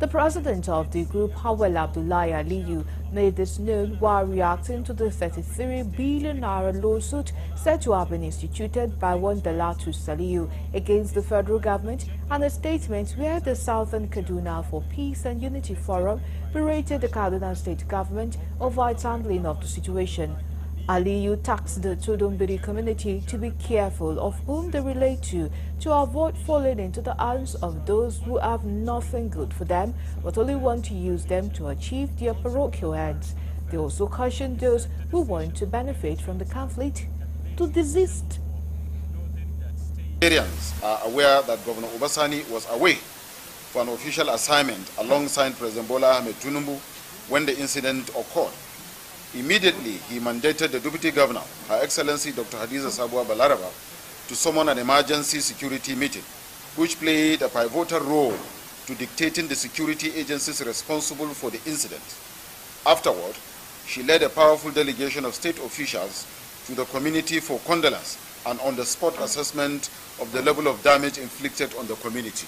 The president of the group, Hawel Abdullah Aliyu, made this known while reacting to the 33 billion naira lawsuit said to have been instituted by one Dalatu Saliu against the federal government and a statement where the Southern Kaduna for Peace and Unity Forum berated the Kaduna state government over its handling of the situation. Aliyu taxed the Todombiri community to be careful of whom they relate to to avoid falling into the arms of those who have nothing good for them but only want to use them to achieve their parochial ends. They also cautioned those who want to benefit from the conflict to desist. Nigerians are aware that Governor Obasani was away for an official assignment alongside President Bola Ahmed Tinubu when the incident occurred. Immediately, he mandated the Deputy Governor, Her Excellency Dr. Hadiza Sabwa Balaraba, to summon an emergency security meeting, which played a pivotal role to dictating the security agencies responsible for the incident. Afterward, she led a powerful delegation of state officials to the community for condolence and on-the-spot assessment of the level of damage inflicted on the community.